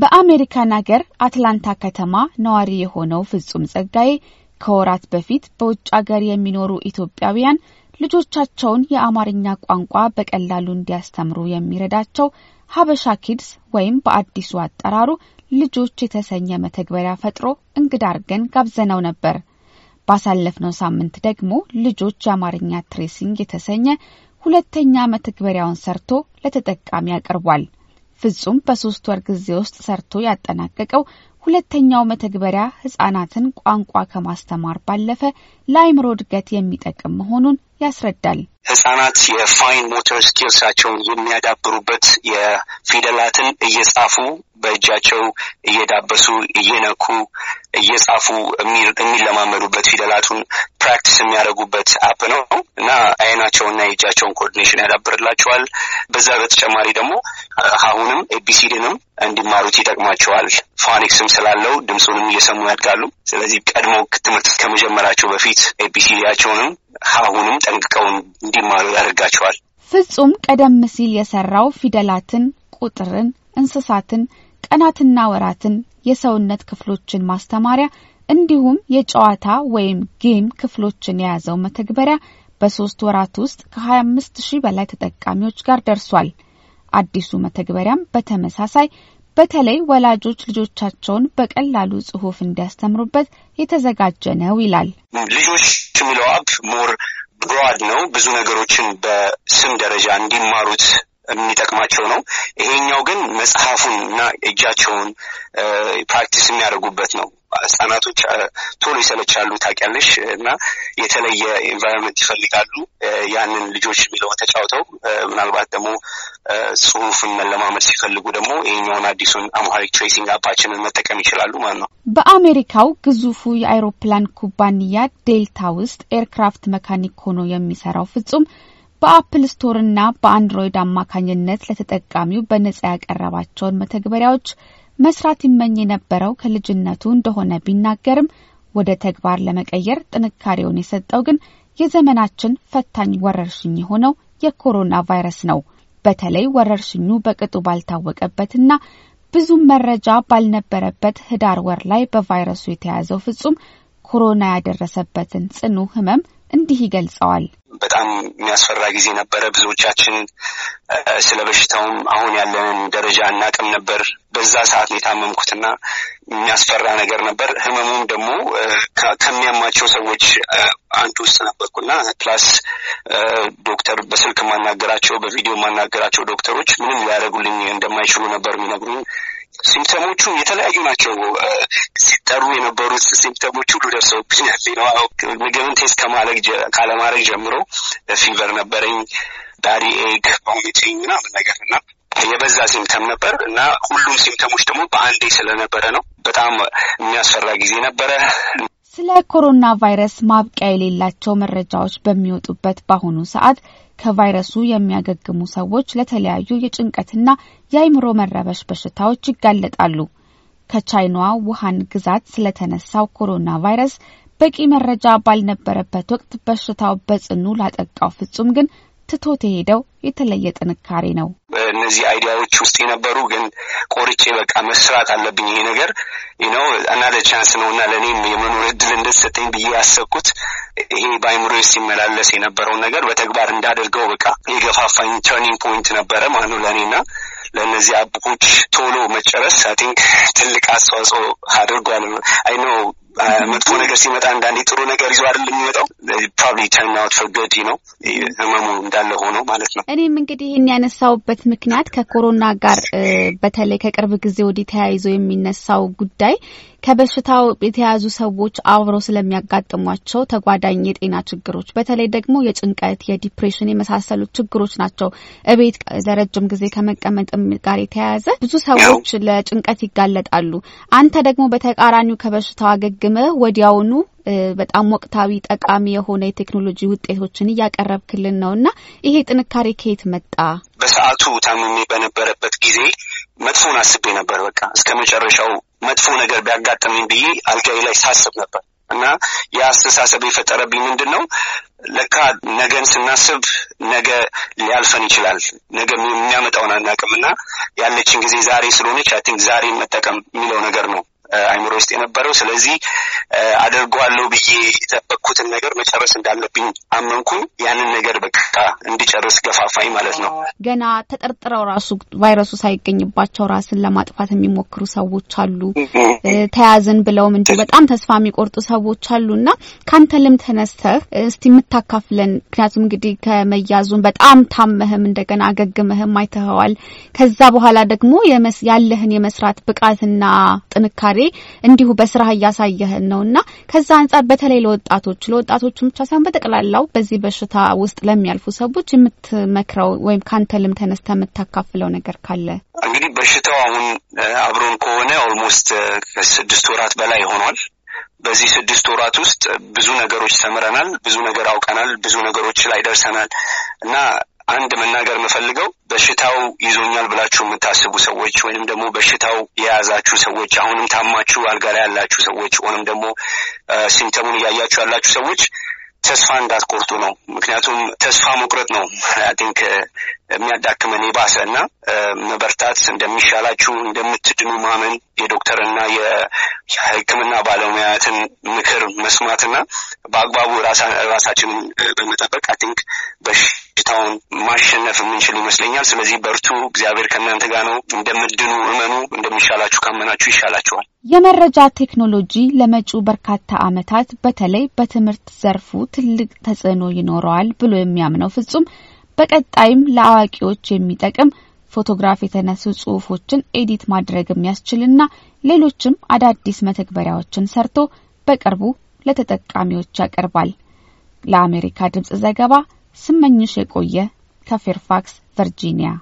በአሜሪካን አገር አትላንታ ከተማ ነዋሪ የሆነው ፍጹም ጸጋዬ ከወራት በፊት በውጭ አገር የሚኖሩ ኢትዮጵያውያን ልጆቻቸውን የአማርኛ ቋንቋ በቀላሉ እንዲያስተምሩ የሚረዳቸው ሀበሻ ኪድስ ወይም በአዲሱ አጠራሩ ልጆች የተሰኘ መተግበሪያ ፈጥሮ እንግዳ አርገን ጋብዘነው ነበር። ባሳለፍነው ሳምንት ደግሞ ልጆች የአማርኛ ትሬሲንግ የተሰኘ ሁለተኛ መተግበሪያውን ሰርቶ ለተጠቃሚ አቅርቧል። ፍጹም በሶስት ወር ጊዜ ውስጥ ሰርቶ ያጠናቀቀው ሁለተኛው መተግበሪያ ህጻናትን ቋንቋ ከማስተማር ባለፈ ለአይምሮ እድገት የሚጠቅም መሆኑን ያስረዳል። ህጻናት የፋይን ሞተር ስኪልሳቸውን የሚያዳብሩበት የፊደላትን እየጻፉ በእጃቸው እየዳበሱ እየነኩ እየጻፉ የሚለማመዱበት ፊደላቱን ፕራክቲስ የሚያደርጉበት አፕ ነው እና አይናቸውና የእጃቸውን ኮኦርዲኔሽን ያዳብርላቸዋል። በዛ በተጨማሪ ደግሞ አሁንም ኤቢሲድንም እንዲማሩት ይጠቅማቸዋል። ፎኒክስም ስላለው ድምፁንም እየሰሙ ያድጋሉ። ስለዚህ ቀድሞ ትምህርት ከመጀመራቸው በፊት ኤቢሲዲያቸውንም ሀሁንም ጠንቅቀው እንዲማሩ ያደርጋቸዋል። ፍጹም ቀደም ሲል የሰራው ፊደላትን፣ ቁጥርን፣ እንስሳትን፣ ቀናትና ወራትን የሰውነት ክፍሎችን ማስተማሪያ እንዲሁም የጨዋታ ወይም ጌም ክፍሎችን የያዘው መተግበሪያ በሶስት ወራት ውስጥ ከ25 ሺህ በላይ ተጠቃሚዎች ጋር ደርሷል። አዲሱ መተግበሪያም በተመሳሳይ በተለይ ወላጆች ልጆቻቸውን በቀላሉ ጽሑፍ እንዲያስተምሩበት የተዘጋጀ ነው ይላል። ልጆች የሚለው አፕ ሞር ብሮድ ነው። ብዙ ነገሮችን በስም ደረጃ እንዲማሩት የሚጠቅማቸው ነው። ይሄኛው ግን መጽሐፉን እና እጃቸውን ፕራክቲስ የሚያደርጉበት ነው። ህጻናቶች ቶሎ ይሰለቻሉ ታውቂያለሽ፣ እና የተለየ ኤንቫይሮንመንት ይፈልጋሉ። ያንን ልጆች የሚለውን ተጫውተው ምናልባት ደግሞ ጽሁፍን መለማመድ ሲፈልጉ ደግሞ ይህኛውን አዲሱን አምሃሪክ ትሬሲንግ አፓችንን መጠቀም ይችላሉ ማለት ነው። በአሜሪካው ግዙፉ የአይሮፕላን ኩባንያ ዴልታ ውስጥ ኤርክራፍት መካኒክ ሆኖ የሚሰራው ፍጹም በአፕል እና በአንድሮይድ አማካኝነት ለተጠቃሚው በነጻ ያቀረባቸውን መተግበሪያዎች መስራት ይመኝ የነበረው ከልጅነቱ እንደሆነ ቢናገርም ወደ ተግባር ለመቀየር ጥንካሬውን የሰጠው ግን የዘመናችን ፈታኝ ወረርሽኝ የሆነው የኮሮና ቫይረስ ነው። በተለይ ወረርሽኙ በቅጡ ባልታወቀበትና ብዙም መረጃ ባልነበረበት ህዳር ወር ላይ በቫይረሱ የተያዘው ፍጹም ኮሮና ያደረሰበትን ጽኑ ህመም እንዲህ ይገልጸዋል። በጣም የሚያስፈራ ጊዜ ነበረ። ብዙዎቻችን ስለ በሽታውም አሁን ያለንን ደረጃ እናቅም ነበር። በዛ ሰዓት የታመምኩትና የሚያስፈራ ነገር ነበር። ህመሙም ደግሞ ከሚያማቸው ሰዎች አንዱ ውስጥ ነበርኩና ፕላስ ዶክተር በስልክ ማናገራቸው፣ በቪዲዮ ማናገራቸው ዶክተሮች ምንም ሊያደርጉልኝ እንደማይችሉ ነበር የሚነግሩኝ። ሲምፕተሞቹ የተለያዩ ናቸው። ሲጠሩ የነበሩት ሲምፕተሞች ሁሉ ደርሰውብኛል። ምግብን ቴስት ከማድረግ ካለማድረግ ጀምሮ ፊቨር ነበረኝ፣ ዳሪ ኤግ፣ ቮሚቲንግ ምናምን ነገር እና የበዛ ሲምተም ነበር እና ሁሉም ሲምተሞች ደግሞ በአንዴ ስለነበረ ነው በጣም የሚያስፈራ ጊዜ ነበረ። ስለ ኮሮና ቫይረስ ማብቂያ የሌላቸው መረጃዎች በሚወጡበት በአሁኑ ሰዓት ከቫይረሱ የሚያገግሙ ሰዎች ለተለያዩ የጭንቀትና የአይምሮ መረበሽ በሽታዎች ይጋለጣሉ። ከቻይናዋ ውሃን ግዛት ስለተነሳው ኮሮና ቫይረስ በቂ መረጃ ባልነበረበት ወቅት በሽታው በጽኑ ላጠቃው ፍጹም ግን ትቶት የሄደው የተለየ ጥንካሬ ነው። እነዚህ አይዲያዎች ውስጥ የነበሩ ግን ቆርጬ በቃ መስራት አለብኝ ይሄ ነገር ነው እና ለቻንስ ነው እና ለእኔም የመኖር እድል እንደተሰጠኝ ብዬ ያሰብኩት ይሄ በአይምሮ ሲመላለስ የነበረውን ነገር በተግባር እንዳደርገው በቃ የገፋፋኝ ተርኒንግ ፖይንት ነበረ ማለት ነው ለእኔና ለእነዚህ አቦች ቶሎ መጨረስ አይ ቲንክ ትልቅ አስተዋጽኦ አድርጓል። አይ ኖ uh, መጥፎ ነገር ሲመጣ አንዳንዴ ጥሩ ነገር ይዞ አይደል የሚመጣው። ፕሮባብሊ ተርን አውት ፎር ጉድ ነው። ህመሙ እንዳለ ሆኖ ማለት ነው። እኔም እንግዲህ ይህን ያነሳውበት ምክንያት ከኮሮና ጋር uh, በተለይ ከቅርብ ጊዜ ወዲህ ተያይዞ የሚነሳው ጉዳይ ከበሽታው የተያዙ ሰዎች አብረው ስለሚያጋጥሟቸው ተጓዳኝ የጤና ችግሮች በተለይ ደግሞ የጭንቀት፣ የዲፕሬሽን የመሳሰሉት ችግሮች ናቸው። እቤት ለረጅም ጊዜ ከመቀመጥም ጋር የተያያዘ ብዙ ሰዎች ለጭንቀት ይጋለጣሉ። አንተ ደግሞ በተቃራኒው ከበሽታው አገግመ ወዲያውኑ በጣም ወቅታዊ ጠቃሚ የሆነ የቴክኖሎጂ ውጤቶችን እያቀረብክልን ነው እና ይሄ ጥንካሬ ከየት መጣ? በሰዓቱ ታምሜ በነበረበት ጊዜ መጥፎን አስቤ ነበር። በቃ እስከ መጨረሻው መጥፎ ነገር ቢያጋጥመኝ ብዬ አልጋዬ ላይ ሳስብ ነበር እና የአስተሳሰብ የፈጠረብኝ ምንድን ነው? ለካ ነገን ስናስብ ነገ ሊያልፈን ይችላል። ነገ የሚያመጣውን አናውቅም እና ያለችን ጊዜ ዛሬ ስለሆነች አይ ቲንክ ዛሬ መጠቀም የሚለው ነገር ነው አይምሮ ውስጥ የነበረው። ስለዚህ አደርገዋለሁ ብዬ የጠበቅኩትን ነገር መጨረስ እንዳለብኝ አመንኩኝ። ያንን ነገር በቃ እንዲጨርስ ገፋፋኝ ማለት ነው። ገና ተጠርጥረው ራሱ ቫይረሱ ሳይገኝባቸው ራስን ለማጥፋት የሚሞክሩ ሰዎች አሉ። ተያዝን ብለውም እንዲሁ በጣም ተስፋ የሚቆርጡ ሰዎች አሉ እና ከአንተ ልምድ ተነስተህ እስቲ የምታካፍለን ምክንያቱም እንግዲህ ከመያዙን በጣም ታመህም እንደገና አገግመህም አይተኸዋል። ከዛ በኋላ ደግሞ ያለህን የመስራት ብቃትና ጥንካሬ ግንዛቤ እንዲሁ በስራ እያሳየህን ነው እና ከዛ አንጻር በተለይ ለወጣቶች ለወጣቶቹ ብቻ ሳይሆን በጠቅላላው በዚህ በሽታ ውስጥ ለሚያልፉ ሰዎች የምትመክረው ወይም ከአንተ ልም ተነስተ የምታካፍለው ነገር ካለ እንግዲህ በሽታው አሁን አብሮን ከሆነ ኦልሞስት ከስድስት ወራት በላይ ሆኗል። በዚህ ስድስት ወራት ውስጥ ብዙ ነገሮች ተምረናል፣ ብዙ ነገር አውቀናል፣ ብዙ ነገሮች ላይ ደርሰናል እና አንድ መናገር የምፈልገው በሽታው ይዞኛል ብላችሁ የምታስቡ ሰዎች ወይንም ደግሞ በሽታው የያዛችሁ ሰዎች አሁንም ታማችሁ አልጋ ላይ ያላችሁ ሰዎች ወይንም ደግሞ ሲምተሙን እያያችሁ ያላችሁ ሰዎች ተስፋ እንዳትቆርጡ ነው። ምክንያቱም ተስፋ መቁረጥ ነው አይ ቲንክ የሚያዳክመን የባሰ እና መበርታት እንደሚሻላችሁ እንደምትድኑ ማመን የዶክተርና የሕክምና ባለሙያትን ምክር መስማትና በአግባቡ ራሳችንን በመጠበቅ አይንክ በሽታውን ማሸነፍ የምንችል ይመስለኛል። ስለዚህ በርቱ፣ እግዚአብሔር ከእናንተ ጋር ነው፣ እንደምድኑ እመኑ። እንደሚሻላችሁ ካመናችሁ ይሻላችኋል። የመረጃ ቴክኖሎጂ ለመጪው በርካታ ዓመታት በተለይ በትምህርት ዘርፉ ትልቅ ተጽዕኖ ይኖረዋል ብሎ የሚያምነው ፍጹም በቀጣይም ለአዋቂዎች የሚጠቅም ፎቶግራፍ የተነሱ ጽሁፎችን ኤዲት ማድረግ የሚያስችልና ሌሎችም አዳዲስ መተግበሪያዎችን ሰርቶ በቅርቡ ለተጠቃሚዎች ያቀርባል። ለአሜሪካ ድምጽ ዘገባ ስመኝሽ የቆየ ከፌርፋክስ ቨርጂኒያ